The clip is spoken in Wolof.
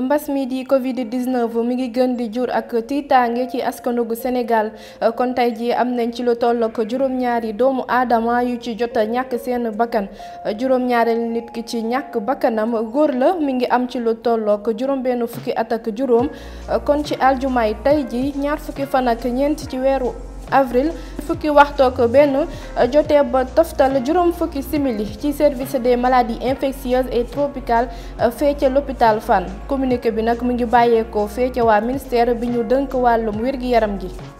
mbas mi di Covid 19 mi ngi gën di jur ak tiitaange ci askanu gu Sénégal uh, kon tey jii am nañ ci lu tollook ak juróom-ñaari doomu aadama yu ci jot a ñàkk seen bakkan uh, juróom-ñaareel nit ki ci ñàkk bakkanam góor la mu ngi am ci lu toll ak juróom-benn fukki atak juróom uh, kon ci aljumay tey ji ñaar fukki fan ak ñeent ci weeru. avril fukki waxtoo ko benn euh, jotee ba toftal juróom fukki simili ci service des maladie infectieuses et tropicales euh, fee ca l'hôpital Fann communiqué bi nag mu ngi bàyyeekoo fee ca waa ministère bi ñu dënk wàllum wér-gi-yaram yaram gi